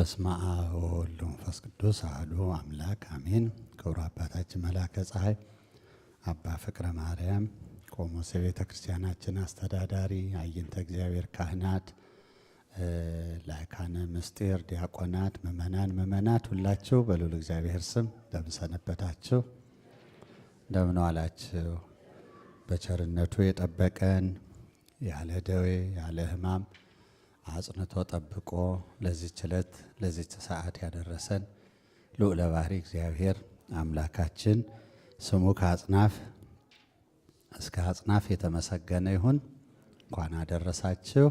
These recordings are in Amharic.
በስመ አብ ወወልድ ወመንፈስ ቅዱስ አሐዱ አምላክ አሜን። ክቡር አባታችን መላከ ፀሐይ አባ ፍቅረ ማርያም ቆሞስ የቤተ ክርስቲያናችን አስተዳዳሪ፣ አይንተ እግዚአብሔር ካህናት፣ ላይካነ ምስጢር ዲያቆናት፣ ምእመናን ምእመናት ሁላችሁ በልዑል እግዚአብሔር ስም እንደምን ሰነበታችሁ? እንደምን ዋላችሁ? በቸርነቱ የጠበቀን ያለ ደዌ ያለ ሕማም አጽንቶ ጠብቆ ለዚች ዕለት ለዚች ሰዓት ያደረሰን ልዑለ ባሕሪ እግዚአብሔር አምላካችን ስሙ ከአጽናፍ እስከ አጽናፍ የተመሰገነ ይሁን። እንኳን አደረሳችሁ።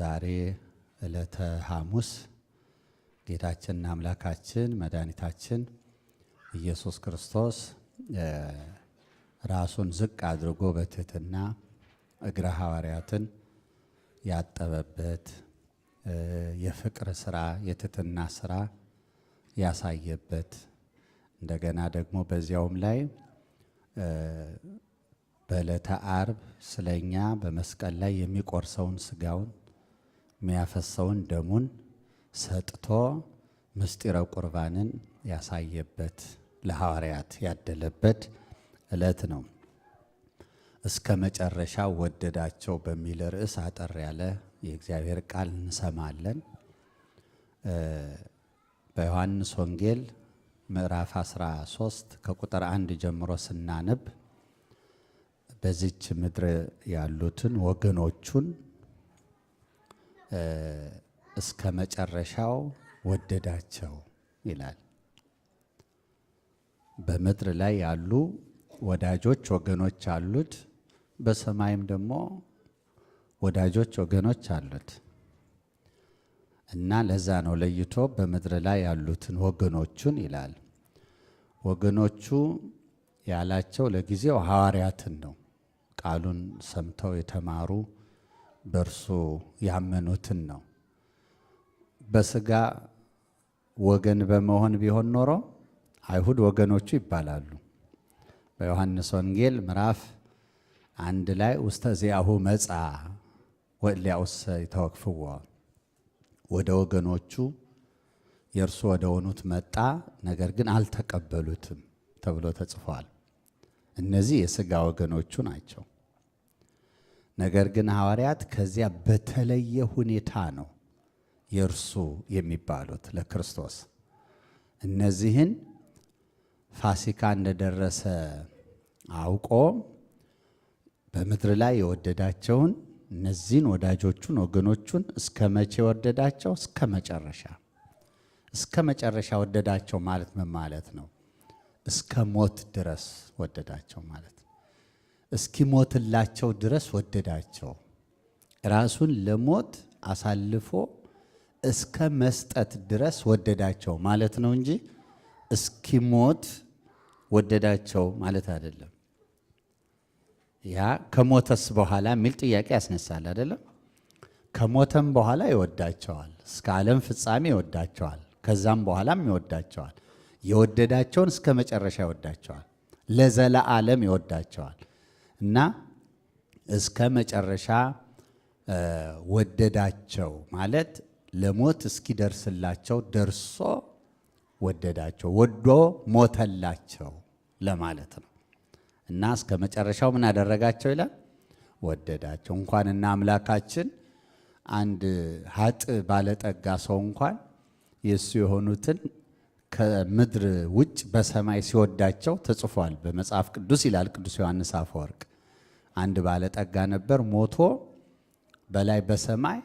ዛሬ ዕለተ ሐሙስ ጌታችንና አምላካችን መድኃኒታችን ኢየሱስ ክርስቶስ ራሱን ዝቅ አድርጎ በትህትና እግረ ሐዋርያትን ያጠበበት የፍቅር ስራ የትትና ስራ ያሳየበት እንደገና ደግሞ በዚያውም ላይ በዕለተ አርብ ስለኛ በመስቀል ላይ የሚቆርሰውን ስጋውን የሚያፈሰውን ደሙን ሰጥቶ ምስጢረ ቁርባንን ያሳየበት ለሐዋርያት ያደለበት ዕለት ነው። እስከ መጨረሻ ወደዳቸው በሚል ርዕስ አጠር ያለ የእግዚአብሔር ቃል እንሰማለን። በዮሐንስ ወንጌል ምዕራፍ 13 ከቁጥር አንድ ጀምሮ ስናነብ በዚች ምድር ያሉትን ወገኖቹን እስከ መጨረሻው ወደዳቸው ይላል። በምድር ላይ ያሉ ወዳጆች ወገኖች አሉት። በሰማይም ደግሞ ወዳጆች ወገኖች አሉት እና ለዛ ነው ለይቶ በምድር ላይ ያሉትን ወገኖቹን ይላል። ወገኖቹ ያላቸው ለጊዜው ሐዋርያትን ነው። ቃሉን ሰምተው የተማሩ በእርሱ ያመኑትን ነው። በስጋ ወገን በመሆን ቢሆን ኖሮ አይሁድ ወገኖቹ ይባላሉ። በዮሐንስ ወንጌል ምዕራፍ አንድ ላይ ውስተ ዚአሁ መጻ ወእሊያውስ ይተወክፍዎ ወደ ወገኖቹ የእርሱ ወደ ሆኑት መጣ፣ ነገር ግን አልተቀበሉትም ተብሎ ተጽፏል። እነዚህ የሥጋ ወገኖቹ ናቸው። ነገር ግን ሐዋርያት ከዚያ በተለየ ሁኔታ ነው የእርሱ የሚባሉት ለክርስቶስ። እነዚህን ፋሲካ እንደደረሰ አውቆ በምድር ላይ የወደዳቸውን እነዚህን ወዳጆቹን ወገኖቹን እስከ መቼ ወደዳቸው? እስከ መጨረሻ። እስከ መጨረሻ ወደዳቸው ማለት ምን ማለት ነው? እስከ ሞት ድረስ ወደዳቸው ማለት ነው። እስኪሞትላቸው ድረስ ወደዳቸው። ራሱን ለሞት አሳልፎ እስከ መስጠት ድረስ ወደዳቸው ማለት ነው እንጂ እስኪሞት ወደዳቸው ማለት አይደለም። ያ ከሞተስ በኋላ የሚል ጥያቄ ያስነሳል አይደለም። ከሞተም በኋላ ይወዳቸዋል፣ እስከ ዓለም ፍጻሜ ይወዳቸዋል፣ ከዛም በኋላም ይወዳቸዋል። የወደዳቸውን እስከ መጨረሻ ይወዳቸዋል፣ ለዘላ ዓለም ይወዳቸዋል እና እስከ መጨረሻ ወደዳቸው ማለት ለሞት እስኪደርስላቸው ደርሶ ወደዳቸው፣ ወዶ ሞተላቸው ለማለት ነው። እና እስከ መጨረሻው ምን አደረጋቸው ይላል ወደዳቸው። እንኳን እና አምላካችን አንድ ሀጥ ባለጠጋ ሰው እንኳን የእሱ የሆኑትን ከምድር ውጭ በሰማይ ሲወዳቸው ተጽፏል በመጽሐፍ ቅዱስ ይላል ቅዱስ ዮሐንስ አፈወርቅ። አንድ ባለጠጋ ነበር፣ ሞቶ በላይ በሰማይ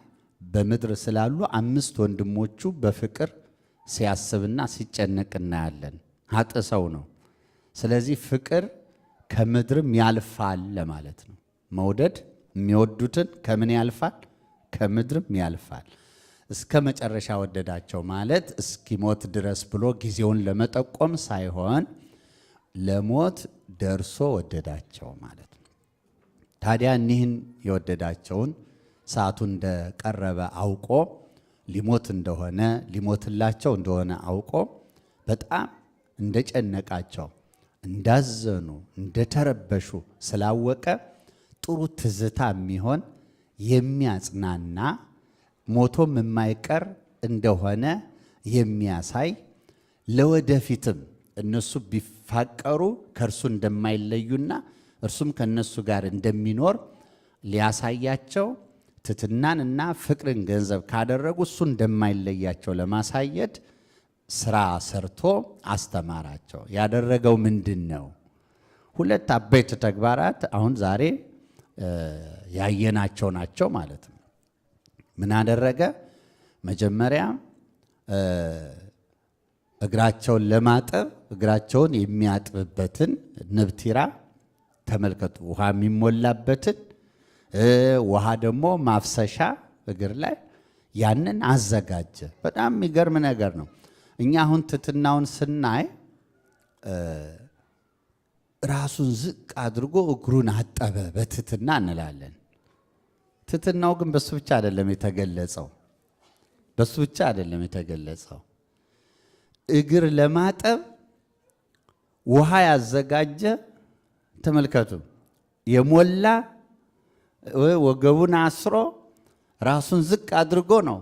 በምድር ስላሉ አምስት ወንድሞቹ በፍቅር ሲያስብና ሲጨነቅ እናያለን። ሀጥ ሰው ነው። ስለዚህ ፍቅር ከምድርም ያልፋል ለማለት ነው። መውደድ የሚወዱትን ከምን ያልፋል? ከምድርም ያልፋል። እስከ መጨረሻ ወደዳቸው ማለት እስኪሞት ድረስ ብሎ ጊዜውን ለመጠቆም ሳይሆን ለሞት ደርሶ ወደዳቸው ማለት ነው። ታዲያ እኒህን የወደዳቸውን ሰዓቱ እንደቀረበ አውቆ ሊሞት እንደሆነ ሊሞትላቸው እንደሆነ አውቆ በጣም እንደጨነቃቸው እንዳዘኑ እንደተረበሹ ስላወቀ ጥሩ ትዝታ የሚሆን የሚያጽናና ሞቶም የማይቀር እንደሆነ የሚያሳይ ለወደፊትም እነሱ ቢፋቀሩ ከእርሱ እንደማይለዩና እርሱም ከእነሱ ጋር እንደሚኖር ሊያሳያቸው ትትናንና ፍቅርን ገንዘብ ካደረጉ እሱ እንደማይለያቸው ለማሳየት ስራ ሰርቶ አስተማራቸው። ያደረገው ምንድን ነው? ሁለት አበይት ተግባራት አሁን ዛሬ ያየናቸው ናቸው ማለት ነው። ምን አደረገ? መጀመሪያ እግራቸውን ለማጠብ እግራቸውን የሚያጥብበትን ንብቲራ ተመልከቱ። ውሃ የሚሞላበትን ውሃ ደግሞ ማፍሰሻ እግር ላይ ያንን አዘጋጀ። በጣም የሚገርም ነገር ነው። እኛ አሁን ትትናውን ስናይ ራሱን ዝቅ አድርጎ እግሩን አጠበ በትትና እንላለን። ትትናው ግን በሱ ብቻ አይደለም የተገለጸው፣ በሱ ብቻ አይደለም የተገለጸው። እግር ለማጠብ ውሃ ያዘጋጀ ተመልከቱ፣ የሞላ ወገቡን አስሮ ራሱን ዝቅ አድርጎ ነው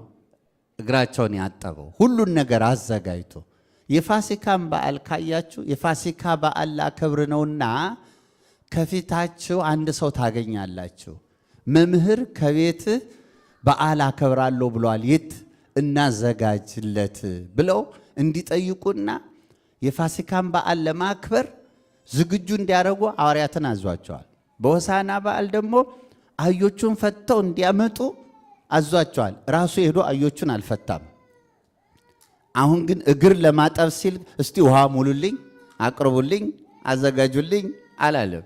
እግራቸውን ያጠበው ሁሉን ነገር አዘጋጅቶ የፋሲካን በዓል ካያችሁ የፋሲካ በዓል ላከብር ነውና ከፊታችሁ አንድ ሰው ታገኛላችሁ። መምህር ከቤትህ በዓል አከብራለሁ ብሏል፣ የት እናዘጋጅለት ብለው እንዲጠይቁና የፋሲካን በዓል ለማክበር ዝግጁ እንዲያደርጉ ሐዋርያትን አዟቸዋል። በሆሳና በዓል ደግሞ አህዮቹን ፈጥተው እንዲያመጡ አዟቸዋል። ራሱ ሄዶ አዮቹን አልፈታም። አሁን ግን እግር ለማጠብ ሲል እስቲ ውሃ ሙሉልኝ፣ አቅርቡልኝ፣ አዘጋጁልኝ አላለም።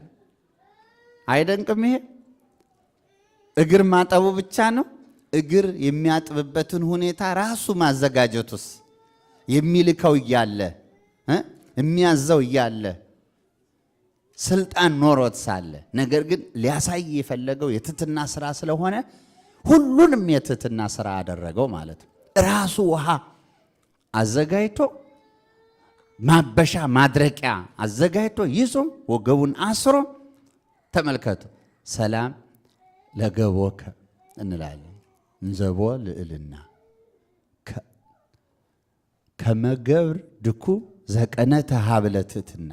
አይደንቅም? ይሄ እግር ማጠቡ ብቻ ነው። እግር የሚያጥብበትን ሁኔታ ራሱ ማዘጋጀቱስ የሚልከው እያለ የሚያዘው እያለ ስልጣን ኖሮት ሳለ ነገር ግን ሊያሳይ የፈለገው የትትና ስራ ስለሆነ ሁሉንም የትህትና ስራ አደረገው ማለት ነው። ራሱ ውሃ አዘጋጅቶ ማበሻ ማድረቂያ አዘጋጅቶ ይዞ ወገቡን አስሮ ተመልከቱ። ሰላም ለገቦከ እንላለን። እንዘቦ ልዕልና ከመገብር ድኩ ዘቀነተ ሀብለ ትሕትና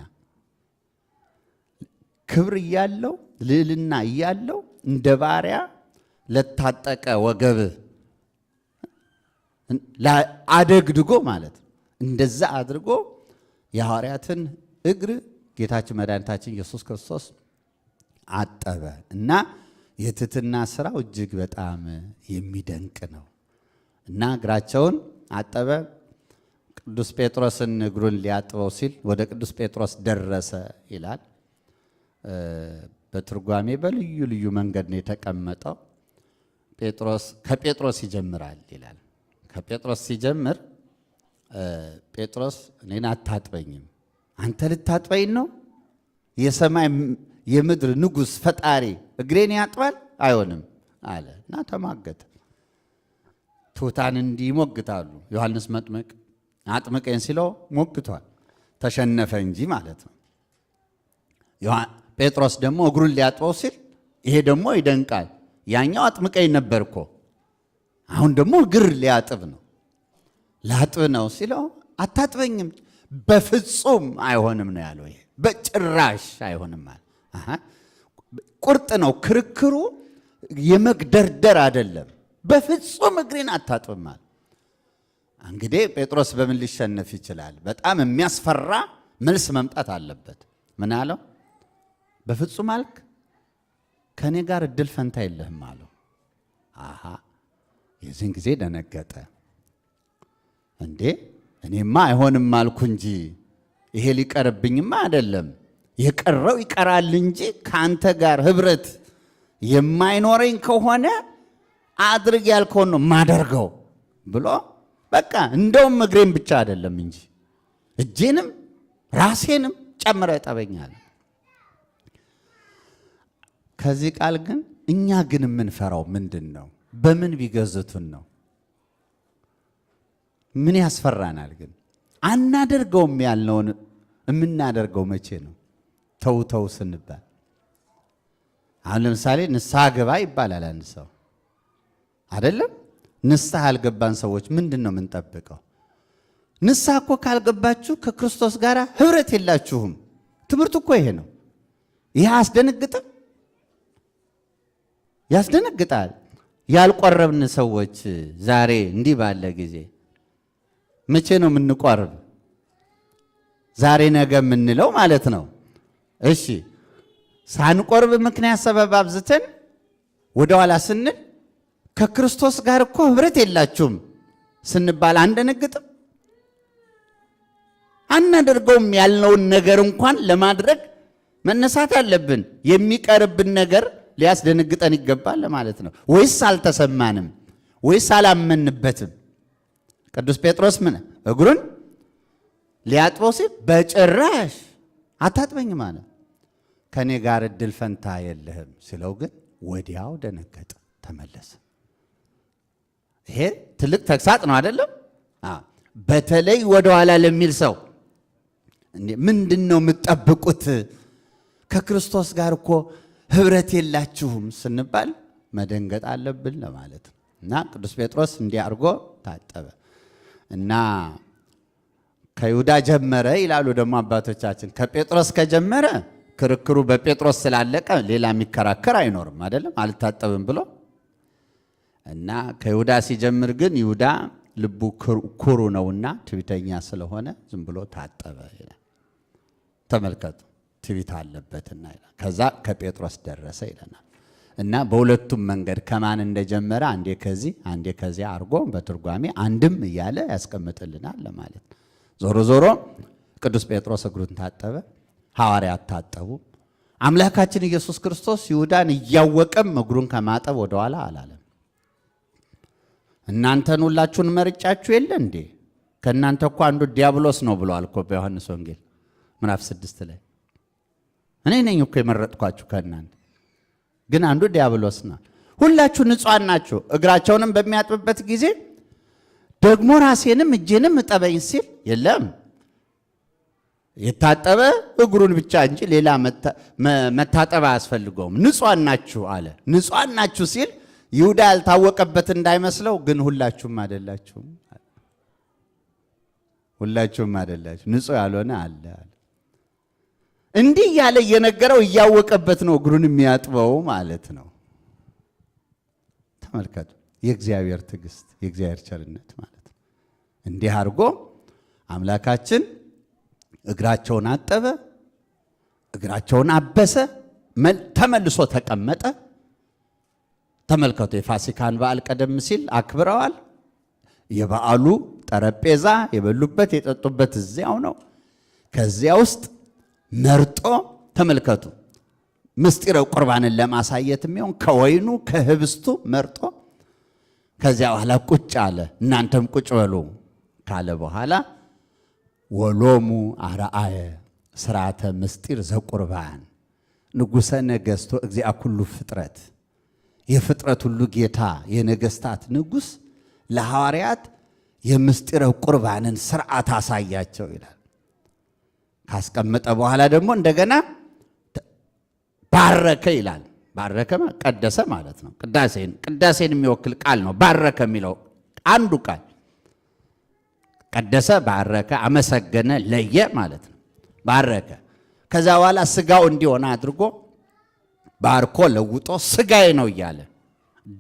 ክብር እያለው ልዕልና እያለው እንደ ባሪያ ለታጠቀ ወገብ አደግድጎ ማለት እንደዛ አድርጎ የሐዋርያትን እግር ጌታችን መድኃኒታችን ኢየሱስ ክርስቶስ አጠበ እና የትትና ስራው እጅግ በጣም የሚደንቅ ነው እና እግራቸውን አጠበ። ቅዱስ ጴጥሮስን እግሩን ሊያጥበው ሲል ወደ ቅዱስ ጴጥሮስ ደረሰ ይላል። በትርጓሜ በልዩ ልዩ መንገድ ነው የተቀመጠው። ከጴጥሮስ ይጀምራል ይላል። ከጴጥሮስ ሲጀምር ጴጥሮስ እኔን አታጥበኝም፣ አንተ ልታጥበኝ ነው? የሰማይ የምድር ንጉሥ ፈጣሪ እግሬን ያጥባል? አይሆንም አለ እና ተማገተ። ትሑታን እንዲህ ይሞግታሉ። ዮሐንስ መጥምቅ አጥምቀኝ ሲለው ሞግቷል፣ ተሸነፈ እንጂ ማለት ነው። ጴጥሮስ ደግሞ እግሩን ሊያጥበው ሲል ይሄ ደግሞ ይደንቃል። ያኛው አጥምቀኝ ነበር እኮ አሁን ደግሞ እግር ሊያጥብ ነው ላጥብ ነው ሲለው አታጥበኝም በፍጹም አይሆንም ነው ያለው ይሄ በጭራሽ አይሆንም ቁርጥ ነው ክርክሩ የመግደርደር አይደለም በፍጹም እግሬን አታጥብም አለ እንግዲህ ጴጥሮስ በምን ሊሸነፍ ይችላል በጣም የሚያስፈራ መልስ መምጣት አለበት ምን አለው በፍጹም አልክ ከእኔ ጋር እድል ፈንታ የለህም አለው። አሃ የዚህን ጊዜ ደነገጠ። እንዴ እኔማ አይሆንም አልኩ እንጂ ይሄ ሊቀርብኝማ አይደለም የቀረው ይቀራል እንጂ ከአንተ ጋር ህብረት የማይኖረኝ ከሆነ አድርግ ያልከውን ነው ማደርገው ብሎ በቃ እንደውም እግሬን ብቻ አይደለም እንጂ እጄንም ራሴንም ጨምረ ጠበኛል። ከዚህ ቃል ግን እኛ ግን የምንፈራው ምንድን ነው? በምን ቢገዝቱን ነው? ምን ያስፈራናል? ግን አናደርገውም ያልነውን የምናደርገው መቼ ነው? ተውተው ስንባል አሁን ለምሳሌ ንስሐ ግባ ይባላል አንድ ሰው አይደለም። ንስሐ አልገባን ሰዎች ምንድን ነው የምንጠብቀው? ንስሐ እኮ ካልገባችሁ ከክርስቶስ ጋር ህብረት የላችሁም። ትምህርት እኮ ይሄ ነው። ይህ አስደንግጥም? ያስደነግጣል። ያልቆረብን ሰዎች ዛሬ እንዲህ ባለ ጊዜ መቼ ነው የምንቆርብ? ዛሬ ነገ የምንለው ማለት ነው። እሺ ሳንቆርብ ምክንያት ሰበብ አብዝተን ወደኋላ ስንል ከክርስቶስ ጋር እኮ ህብረት የላችሁም ስንባል አንደነግጥም? አናደርገውም ያልነውን ነገር እንኳን ለማድረግ መነሳት አለብን። የሚቀርብን ነገር ሊያስደነግጠን ይገባል ማለት ነው። ወይስ አልተሰማንም? ወይስ አላመንበትም? ቅዱስ ጴጥሮስ ምን እግሩን ሊያጥበው ሲል በጭራሽ አታጥበኝም አለ። ከእኔ ጋር እድል ፈንታ የለህም ሲለው ግን ወዲያው ደነገጠ፣ ተመለሰ። ይሄ ትልቅ ተግሳጥ ነው አይደለም? በተለይ ወደኋላ ለሚል ሰው ምንድን ነው የምትጠብቁት? ከክርስቶስ ጋር እኮ ህብረት የላችሁም ስንባል መደንገጥ አለብን ለማለት ነው። እና ቅዱስ ጴጥሮስ እንዲህ አድርጎ ታጠበ እና ከይሁዳ ጀመረ ይላሉ ደግሞ አባቶቻችን። ከጴጥሮስ ከጀመረ ክርክሩ በጴጥሮስ ስላለቀ ሌላ የሚከራከር አይኖርም አይደለም፣ አልታጠብም ብሎ እና ከይሁዳ ሲጀምር ግን ይሁዳ ልቡ ኩሩ ነውና ትዕቢተኛ ስለሆነ ዝም ብሎ ታጠበ ይላል። ተመልከቱ። ትቢት አለበትና ይላል። ከዛ ከጴጥሮስ ደረሰ ይለናል። እና በሁለቱም መንገድ ከማን እንደጀመረ አንዴ ከዚህ አንዴ ከዚያ አድርጎ በትርጓሜ አንድም እያለ ያስቀምጥልናል ለማለት ነው። ዞሮ ዞሮ ቅዱስ ጴጥሮስ እግሩን ታጠበ፣ ሐዋርያት ታጠቡ። አምላካችን ኢየሱስ ክርስቶስ ይሁዳን እያወቀም እግሩን ከማጠብ ወደኋላ አላለም። እናንተን ሁላችሁን መርጫችሁ የለ እንዴ? ከእናንተ እኮ አንዱ ዲያብሎስ ነው ብሏል እኮ በዮሐንስ ወንጌል ምዕራፍ ስድስት ላይ እኔ ነኝ እኮ የመረጥኳችሁ ከእናንተ ግን አንዱ ዲያብሎስ ነው። ሁላችሁ ንጹሐን ናችሁ። እግራቸውንም በሚያጥብበት ጊዜ ደግሞ ራሴንም እጄንም እጠበኝ ሲል የለም የታጠበ እግሩን ብቻ እንጂ ሌላ መታጠብ አያስፈልገውም። ንጹሐን ናችሁ አለ። ንጹሐን ናችሁ ሲል ይሁዳ ያልታወቀበት እንዳይመስለው፣ ግን ሁላችሁም አይደላችሁም፣ ሁላችሁም አደላችሁ ንጹሕ ያልሆነ አለ አለ እንዲህ እያለ እየነገረው እያወቀበት ነው እግሩን የሚያጥበው ማለት ነው። ተመልከቱ፣ የእግዚአብሔር ትዕግስት፣ የእግዚአብሔር ቸርነት ማለት ነው። እንዲህ አድርጎ አምላካችን እግራቸውን አጠበ፣ እግራቸውን አበሰ፣ ተመልሶ ተቀመጠ። ተመልከቱ፣ የፋሲካን በዓል ቀደም ሲል አክብረዋል። የበዓሉ ጠረጴዛ የበሉበት የጠጡበት እዚያው ነው። ከዚያ ውስጥ መርጦ ተመልከቱ፣ ምስጢረ ቁርባንን ለማሳየት የሚሆን ከወይኑ ከህብስቱ መርጦ ከዚያ በኋላ ቁጭ አለ። እናንተም ቁጭ በሉ ካለ በኋላ ወሎሙ አርአየ ስርዓተ ምስጢር ዘቁርባን ንጉሰ ነገስቶ እግዚአ ኩሉ ፍጥረት የፍጥረት ሁሉ ጌታ የነገስታት ንጉስ ለሐዋርያት የምስጢረ ቁርባንን ስርዓት አሳያቸው ይላል። ካስቀመጠ በኋላ ደግሞ እንደገና ባረከ ይላል። ባረከ ቀደሰ ማለት ነው። ቅዳሴን ቅዳሴን የሚወክል ቃል ነው። ባረከ የሚለው አንዱ ቃል ቀደሰ፣ ባረከ፣ አመሰገነ፣ ለየ ማለት ነው። ባረከ ከዛ በኋላ ስጋው እንዲሆነ አድርጎ ባርኮ ለውጦ ስጋዬ ነው እያለ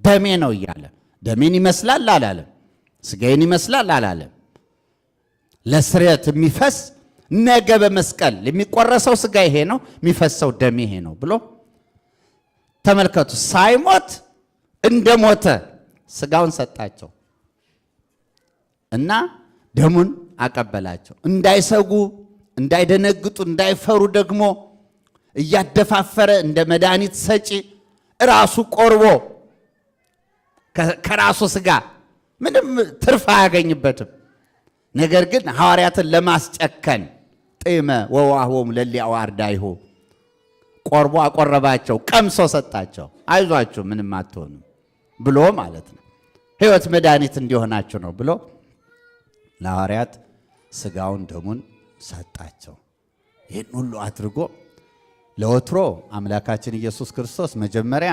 ደሜ ነው እያለ ደሜን ይመስላል አላለም። ስጋዬን ይመስላል አላለም። ለስርየት የሚፈስ ነገ በመስቀል የሚቆረሰው ስጋ ይሄ ነው፣ የሚፈሰው ደም ይሄ ነው ብሎ ተመልከቱ። ሳይሞት እንደሞተ ስጋውን ሰጣቸው እና ደሙን አቀበላቸው። እንዳይሰጉ፣ እንዳይደነግጡ፣ እንዳይፈሩ ደግሞ እያደፋፈረ እንደ መድኃኒት ሰጪ ራሱ ቆርቦ ከራሱ ስጋ ምንም ትርፍ አያገኝበትም። ነገር ግን ሐዋርያትን ለማስጨከን ጤመ ወዋህቦም ለሊያው አርዳይሁ ቆርቦ አቆረባቸው፣ ቀምሶ ሰጣቸው። አይዟችሁ ምንም አትሆኑ ብሎ ማለት ነው። ሕይወት መድኃኒት እንዲሆናችሁ ነው ብሎ ለሐዋርያት ስጋውን ደሙን ሰጣቸው። ይህን ሁሉ አድርጎ ለወትሮ አምላካችን ኢየሱስ ክርስቶስ መጀመሪያ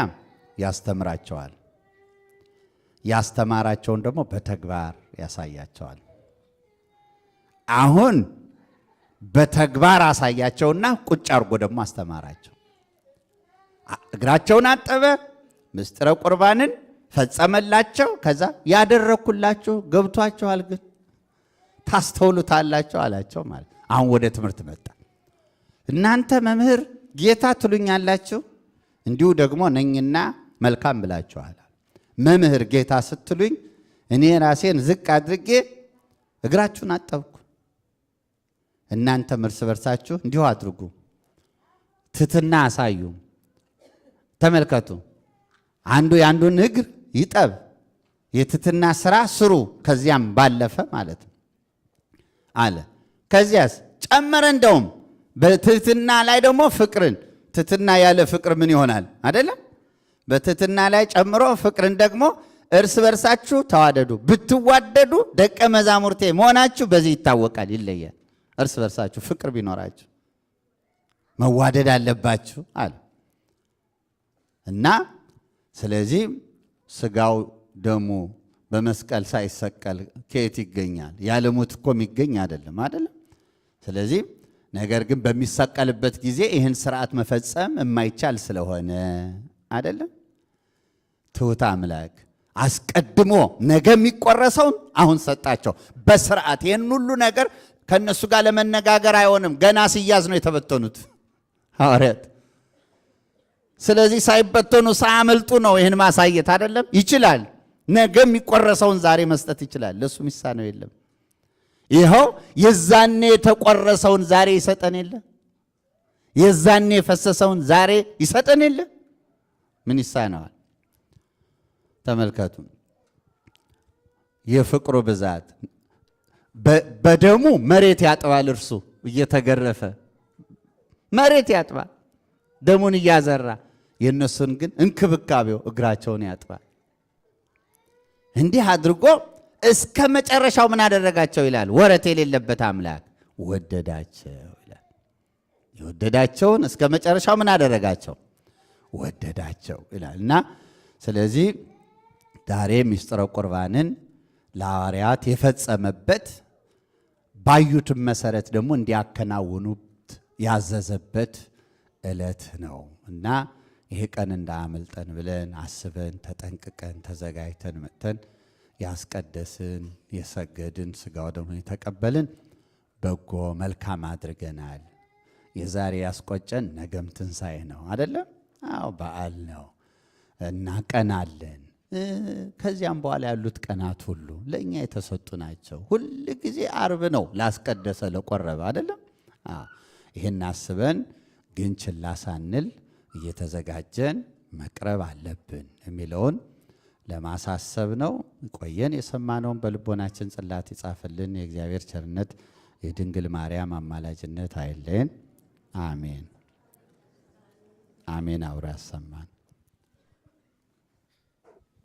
ያስተምራቸዋል። ያስተማራቸውን ደግሞ በተግባር ያሳያቸዋል። አሁን በተግባር አሳያቸውና ቁጭ አድርጎ ደግሞ አስተማራቸው። እግራቸውን አጠበ፣ ምስጢረ ቁርባንን ፈጸመላቸው። ከዛ ያደረግኩላችሁ ገብቷችኋል፣ ግን ታስተውሉታላቸው አላቸው። ማለት አሁን ወደ ትምህርት መጣ። እናንተ መምህር ጌታ ትሉኛላችሁ፣ እንዲሁ ደግሞ ነኝና መልካም ብላችኋል። መምህር ጌታ ስትሉኝ እኔ ራሴን ዝቅ አድርጌ እግራችሁን አጠብኩ እናንተም እርስ በርሳችሁ እንዲሁ አድርጉ፣ ትትና አሳዩ። ተመልከቱ፣ አንዱ የአንዱን እግር ይጠብ፣ የትትና ስራ ስሩ። ከዚያም ባለፈ ማለት ነው አለ። ከዚያስ ጨመረ፣ እንደውም በትትና ላይ ደግሞ ፍቅርን። ትትና ያለ ፍቅር ምን ይሆናል? አይደለም። በትትና ላይ ጨምሮ ፍቅርን ደግሞ እርስ በርሳችሁ ተዋደዱ፣ ብትዋደዱ ደቀ መዛሙርቴ መሆናችሁ በዚህ ይታወቃል፣ ይለያል እርስ በርሳችሁ ፍቅር ቢኖራችሁ መዋደድ አለባችሁ አለ እና ስለዚህ ስጋው ደሙ በመስቀል ሳይሰቀል ከየት ይገኛል? ያለ ሞት እኮ የሚገኝ አይደለም አይደለም። ስለዚህ ነገር ግን በሚሰቀልበት ጊዜ ይህን ስርዓት መፈጸም የማይቻል ስለሆነ አይደለም። ትሑት አምላክ አስቀድሞ ነገ የሚቆረሰውን አሁን ሰጣቸው በስርዓት ይህን ሁሉ ነገር ከእነሱ ጋር ለመነጋገር አይሆንም። ገና ሲያዝ ነው የተበተኑት ሐዋርያት። ስለዚህ ሳይበተኑ ሳያመልጡ ነው ይህን ማሳየት አይደለም። ይችላል። ነገ የሚቆረሰውን ዛሬ መስጠት ይችላል። ለእሱ ሚሳ ነው የለም። ይኸው የዛኔ የተቆረሰውን ዛሬ ይሰጠን የለ የዛኔ የፈሰሰውን ዛሬ ይሰጠን የለ ምን ይሳነዋል? ተመልከቱ የፍቅሩ ብዛት በደሙ መሬት ያጥባል። እርሱ እየተገረፈ መሬት ያጥባል፣ ደሙን እያዘራ። የእነሱን ግን እንክብካቤው እግራቸውን ያጥባል። እንዲህ አድርጎ እስከ መጨረሻው ምን አደረጋቸው ይላል? ወረት የሌለበት አምላክ ወደዳቸው ይላል። የወደዳቸውን እስከ መጨረሻው ምን አደረጋቸው? ወደዳቸው ይላል እና ስለዚህ ዛሬ ምስጢረ ቁርባንን ለሐዋርያት የፈጸመበት ባዩትም መሰረት ደግሞ እንዲያከናውኑት ያዘዘበት ዕለት ነው እና ይህ ቀን እንዳያመልጠን ብለን አስበን ተጠንቅቀን ተዘጋጅተን መጥተን ያስቀደስን የሰገድን ስጋው ደግሞ የተቀበልን በጎ መልካም አድርገናል። የዛሬ ያስቆጨን ነገም ትንሣኤ ነው አይደለም? አዎ በዓል ነው እናቀናለን አለን ከዚያም በኋላ ያሉት ቀናት ሁሉ ለእኛ የተሰጡ ናቸው። ሁል ጊዜ አርብ ነው ላስቀደሰ ለቆረበ አይደለም። ይህን አስበን ግን ችላ ሳንል እየተዘጋጀን መቅረብ አለብን የሚለውን ለማሳሰብ ነው። ቆየን የሰማነውን በልቦናችን ጽላት ይጻፍልን። የእግዚአብሔር ቸርነት የድንግል ማርያም አማላጅነት አይለን አሜን አሜን። አውራ ያሰማን።